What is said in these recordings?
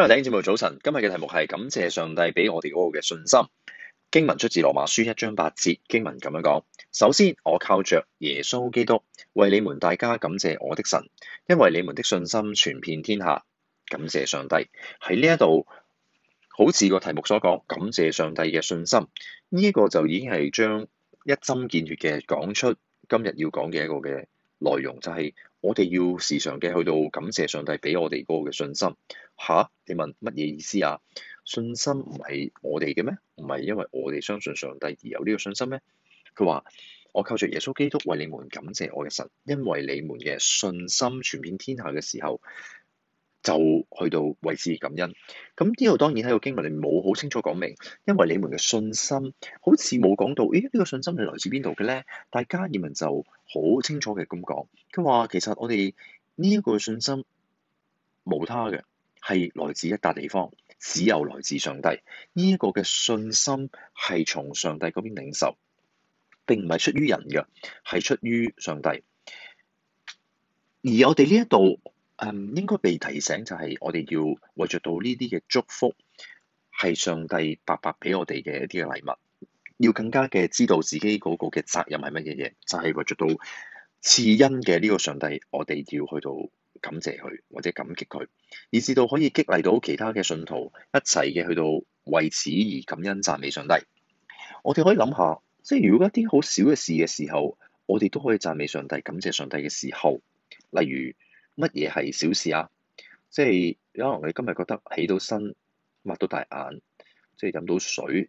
日今日嘅題目係感謝上帝俾我哋嗰個嘅信心。經文出自羅馬書一章八節，經文咁樣講：首先我靠着耶穌基督為你們大家感謝我的神，因為你們的信心傳遍天下。感謝上帝。喺呢一度，好似個題目所講，感謝上帝嘅信心呢個就已經係將一針見血嘅講出今日要講嘅一個嘅。內容就係我哋要時常嘅去到感謝上帝俾我哋嗰個嘅信心嚇，你問乜嘢意思啊？信心唔係我哋嘅咩？唔係因為我哋相信上帝而有呢個信心咩？佢話，我靠著耶穌基督為你們感謝我嘅神，因為你們嘅信心傳遍天下嘅時候。就去到為之感恩，咁呢度當然喺個經文裏冇好清楚講明，因為你們嘅信心好似冇講到，咦？呢個信心係來自邊度嘅咧？大家加爾文就好清楚嘅咁講，佢話其實我哋呢一個信心無他嘅，係來自一笪地方，只有來自上帝。呢一個嘅信心係從上帝嗰邊領受，並唔係出於人嘅，係出於上帝。而我哋呢一度。誒、um, 應該被提醒就係我哋要為著到呢啲嘅祝福係上帝白白俾我哋嘅一啲嘅禮物，要更加嘅知道自己嗰個嘅責任係乜嘢嘢，就係為著到賜恩嘅呢個上帝，我哋要去到感謝佢或者感激佢，以至到可以激勵到其他嘅信徒一齊嘅去到為此而感恩讚美上帝。我哋可以諗下，即係如果一啲好小嘅事嘅時候，我哋都可以讚美上帝、感謝上帝嘅時候，例如。乜嘢係小事啊？即係有可能你今日覺得起到身、擘到大眼、即係飲到水、誒、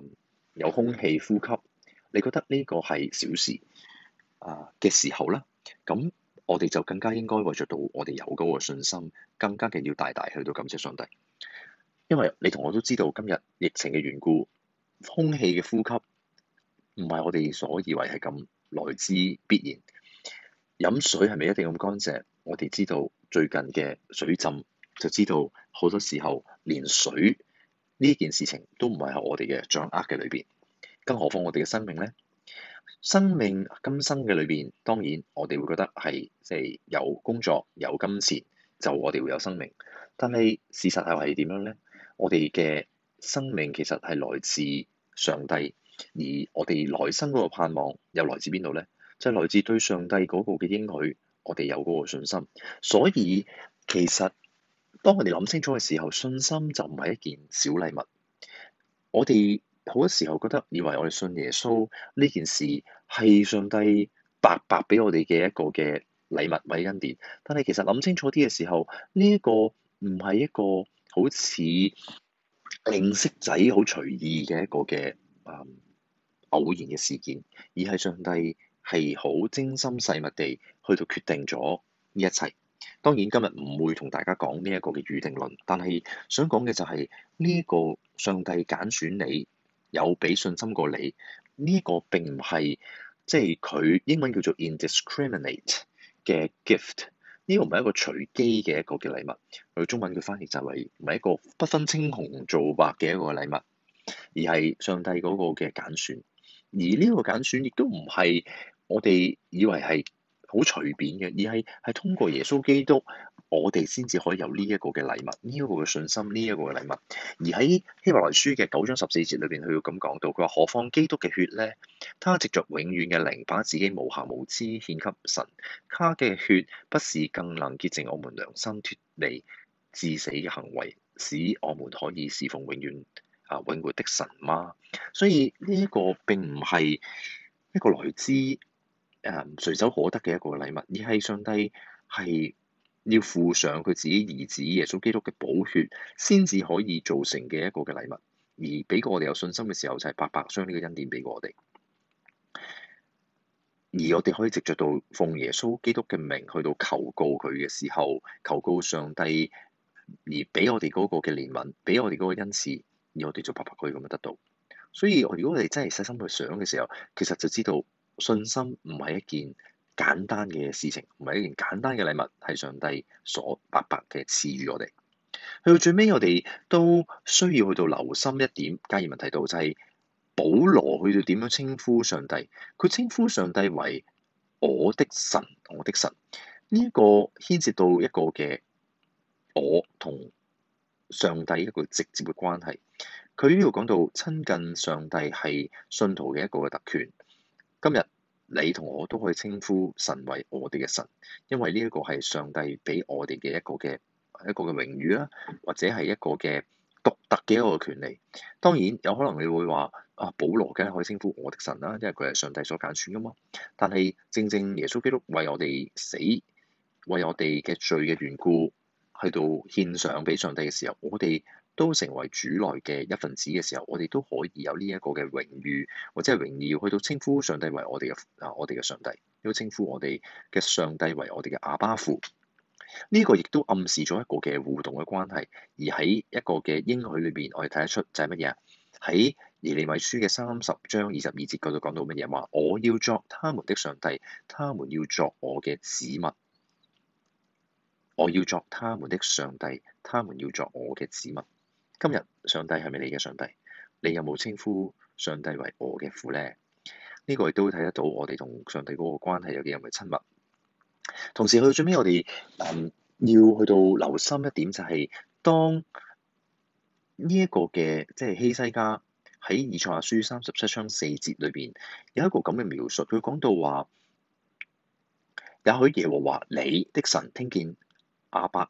嗯、有空氣呼吸，你覺得呢個係小事啊嘅時候咧，咁我哋就更加應該為著到我哋有嗰個信心，更加嘅要大、大大去到感謝上帝。因為你同我都知道今日疫情嘅緣故，空氣嘅呼吸唔係我哋所以為係咁來之必然，飲水係咪一定咁乾淨？我哋知道最近嘅水浸，就知道好多時候連水呢件事情都唔係我哋嘅掌握嘅裏邊，更何況我哋嘅生命咧？生命今生嘅裏邊，當然我哋會覺得係即係有工作有金錢，就我哋會有生命。但係事實又係點樣咧？我哋嘅生命其實係來自上帝，而我哋來生嗰個盼望又來自邊度咧？就係、是、來自對上帝嗰個嘅應許。我哋有嗰個信心，所以其實當我哋諗清楚嘅時候，信心就唔係一件小禮物。我哋好多時候覺得以為我哋信耶穌呢件事係上帝白白俾我哋嘅一個嘅禮物或恩典，但係其實諗清楚啲嘅時候，呢、這、一個唔係一個好似零食仔好隨意嘅一個嘅、嗯、偶然嘅事件，而係上帝。係好精心細密地去到決定咗呢一切。當然今日唔會同大家講呢一個嘅預定論，但係想講嘅就係呢一個上帝揀選，選你，有俾信心過你。呢個並唔係即係佢英文叫做 indiscriminate 嘅 gift。呢個唔係一個隨機嘅一個嘅禮物。佢中文嘅翻譯就係唔係一個不分青紅皂白嘅一個禮物，而係上帝嗰個嘅揀選，選。而呢個揀選亦都唔係。我哋以為係好隨便嘅，而係係通過耶穌基督，我哋先至可以有呢一個嘅禮物，呢一個嘅信心，呢一個嘅禮物。而喺希伯來書嘅九章十四節裏邊，佢要咁講到，佢話何況基督嘅血咧？他藉着永遠嘅靈，把自己無瑕無疵獻給神。他嘅血不是更能潔淨我們良心脫離致死嘅行為，使我們可以侍奉永遠啊永活的神嗎？所以呢一個並唔係一個來自。誒隨手可得嘅一個禮物，而係上帝係要付上佢自己兒子耶穌基督嘅寶血，先至可以做成嘅一個嘅禮物，而俾過我哋有信心嘅時候，就係、是、白白將呢個恩典俾我哋。而我哋可以藉著到奉耶穌基督嘅名去到求告佢嘅時候，求告上帝而俾我哋嗰個嘅憐憫，俾我哋嗰個恩賜，而我哋就白白可以咁樣得到。所以如果我哋真係細心去想嘅時候，其實就知道。信心唔係一件簡單嘅事情，唔係一件簡單嘅禮物，係上帝所白白嘅賜予我哋。去到最尾，我哋都需要去到留心一點，加爾文提到就係、是、保羅去到點樣稱呼上帝，佢稱呼上帝為我的神，我的神。呢、這個牽涉到一個嘅我同上帝一個直接嘅關係，佢呢度講到親近上帝係信徒嘅一個嘅特權。今日你同我都可以稱呼神為我哋嘅神，因為呢一個係上帝俾我哋嘅一個嘅一個嘅榮譽啦，或者係一個嘅獨特嘅一個權利。當然有可能你會話啊，保羅梗係可以稱呼我的神啦，因為佢係上帝所揀選㗎嘛。但係正正耶穌基督為我哋死，為我哋嘅罪嘅緣故，去到獻上俾上帝嘅時候，我哋，都成為主內嘅一份子嘅時候，我哋都可以有呢一個嘅榮譽或者榮譽要去到稱呼上帝為我哋嘅啊，我哋嘅上帝，要稱呼我哋嘅上帝為我哋嘅阿爸父。呢、這個亦都暗示咗一個嘅互動嘅關係。而喺一個嘅應許裏邊，我哋睇得出就係乜嘢？喺耶利米書嘅三十章二十二節嗰度講到乜嘢？話我要作他們的上帝，他們要作我嘅子民。我要作他們的上帝，他們要作我嘅子民。今日上帝係咪你嘅上帝？你有冇稱呼上帝為我嘅父呢？呢、這個亦都睇得到我哋同上帝嗰個關係有幾咁嘅親密。同時去到最尾，我、嗯、哋要去到留心一點，就係、是、當呢一個嘅即係希西家喺以賽亞書三十七章四節裏邊有一個咁嘅描述，佢講到話，也許耶和華你的神聽見阿伯。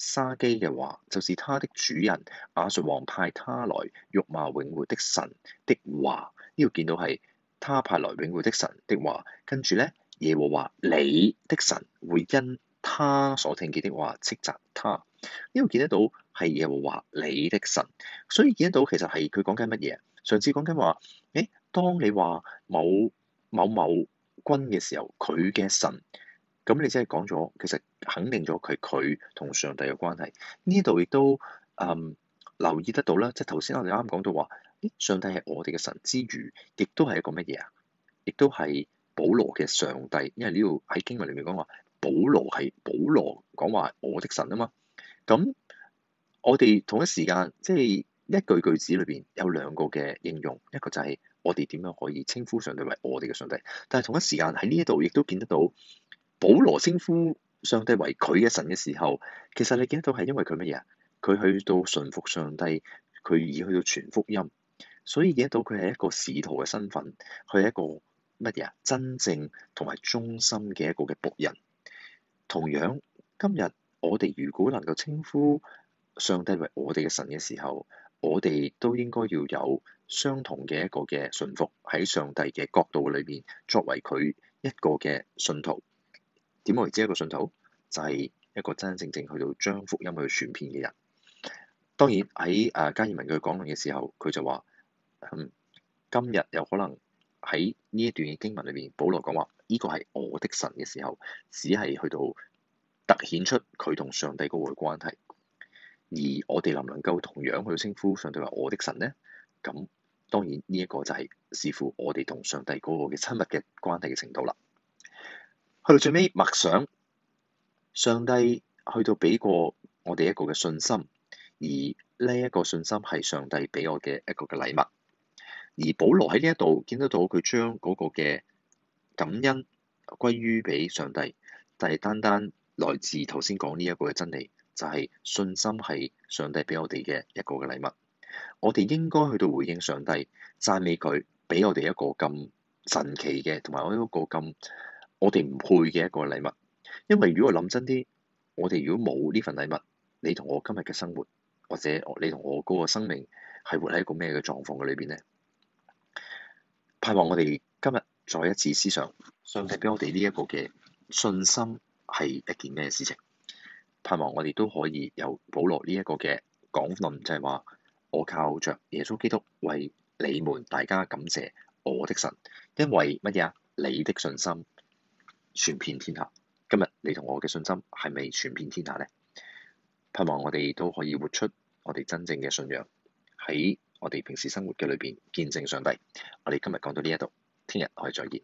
沙基嘅話，就是他的主人亞述王派他來辱罵永活的神的話。呢度見到係他派來永活的神的話，跟住咧耶和華你的神會因他所聽見的話斥責他。呢度見得到係耶和華你的神，所以見得到其實係佢講緊乜嘢？上次講緊話，誒、欸，當你話某某某君嘅時候，佢嘅神。咁你只係講咗，其實肯定咗佢佢同上帝嘅關係呢一度亦都嗯留意得到啦。即係頭先我哋啱啱講到話，上帝係我哋嘅神之餘，亦都係一個乜嘢啊？亦都係保羅嘅上帝，因為呢度喺經文裏面講話，保羅係保羅講話我的神啊嘛。咁我哋同一時間即係、就是、一句句子裏邊有兩個嘅應用，一個就係我哋點樣可以稱呼上帝為我哋嘅上帝，但係同一時間喺呢一度亦都見得到。保羅稱呼上帝為佢嘅神嘅時候，其實你見得到係因為佢乜嘢啊？佢去到順服上帝，佢已去到全福音，所以見得到佢係一個使徒嘅身份，佢係一個乜嘢啊？真正同埋忠心嘅一個嘅僕人。同樣今日我哋如果能夠稱呼上帝為我哋嘅神嘅時候，我哋都應該要有相同嘅一個嘅信服，喺上帝嘅角度裏面作為佢一個嘅信徒。點為之一個信徒就係，是，一個真真正正去到將福音去傳遍嘅人。當然喺誒加爾文佢講論嘅時候，佢就話，嗯，今日有可能喺呢一段嘅經文裏面，保羅講話呢個係我的神嘅時候，只係去到突顯出佢同上帝嗰個嘅關係。而我哋能唔能夠同樣去稱呼上帝為我的神呢？咁當然呢一個就係視乎我哋同上帝嗰個嘅親密嘅關係嘅程度啦。去到最尾默想，上帝去到畀過我哋一個嘅信心，而呢一個信心係上帝畀我嘅一個嘅禮物，而保羅喺呢一度見得到佢將嗰個嘅感恩歸於畀上帝，就係單單來自頭先講呢一個嘅真理，就係信心係上帝畀我哋嘅一個嘅禮物，我哋應該去到回應上帝讚美佢畀我哋一個咁神奇嘅，同埋我一個咁。我哋唔配嘅一個禮物，因為如果我諗真啲，我哋如果冇呢份禮物，你同我今日嘅生活，或者你同我嗰個生命係活喺一個咩嘅狀況嘅裏邊呢？盼望我哋今日再一次思想上帝畀我哋呢一個嘅信心係一件咩事情？盼望我哋都可以有保羅呢一個嘅講論，就係話我靠着耶穌基督為你們大家感謝我的神，因為乜嘢啊？你的信心。全遍天下，今日你同我嘅信心係咪全遍天下呢？盼望我哋都可以活出我哋真正嘅信仰，喺我哋平時生活嘅裏邊見證上帝。我哋今日講到呢一度，聽日我哋再見。